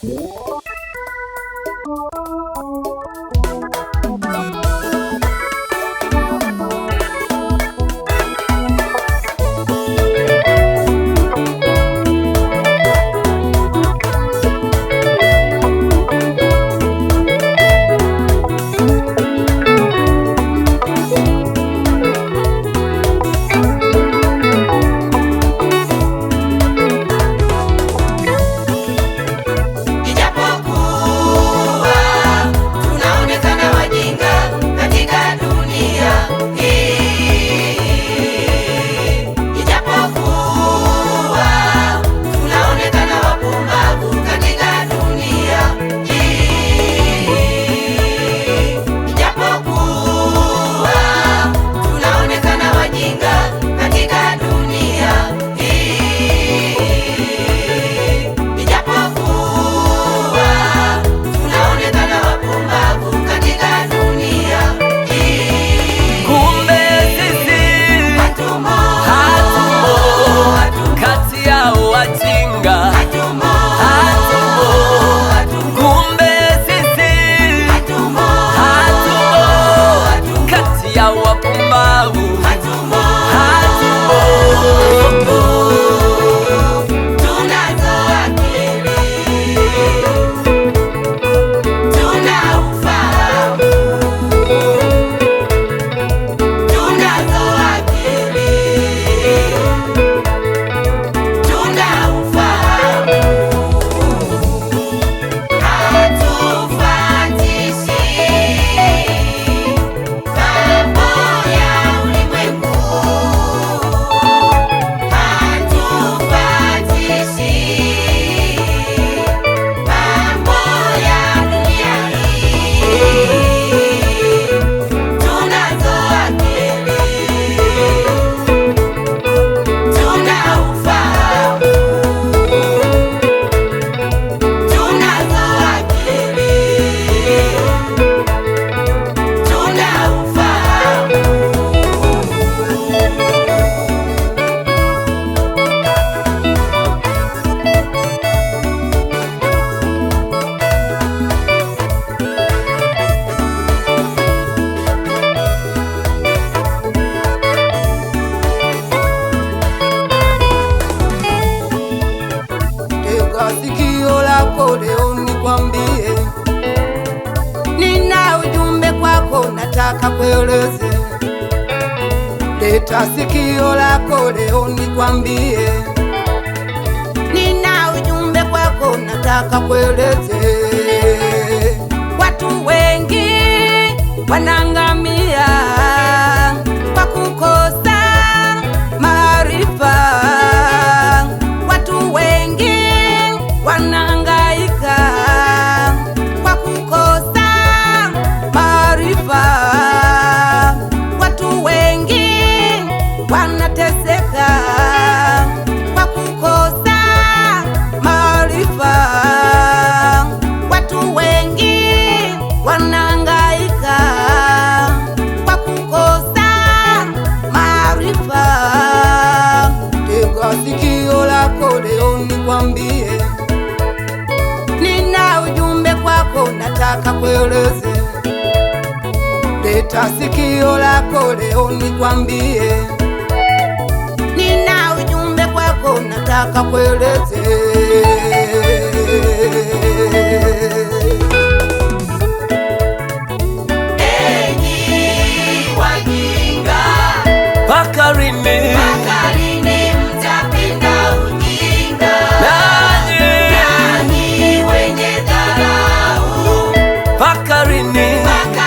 Thank kakueleze. Leta sikio lako leo nikwambie, nina ujumbe kwako, nataka kueleze. Watu wengi wanaangamia nikueleze, leta sikio lako leo nikwambie, nina ujumbe kwako nataka kueleze Mine.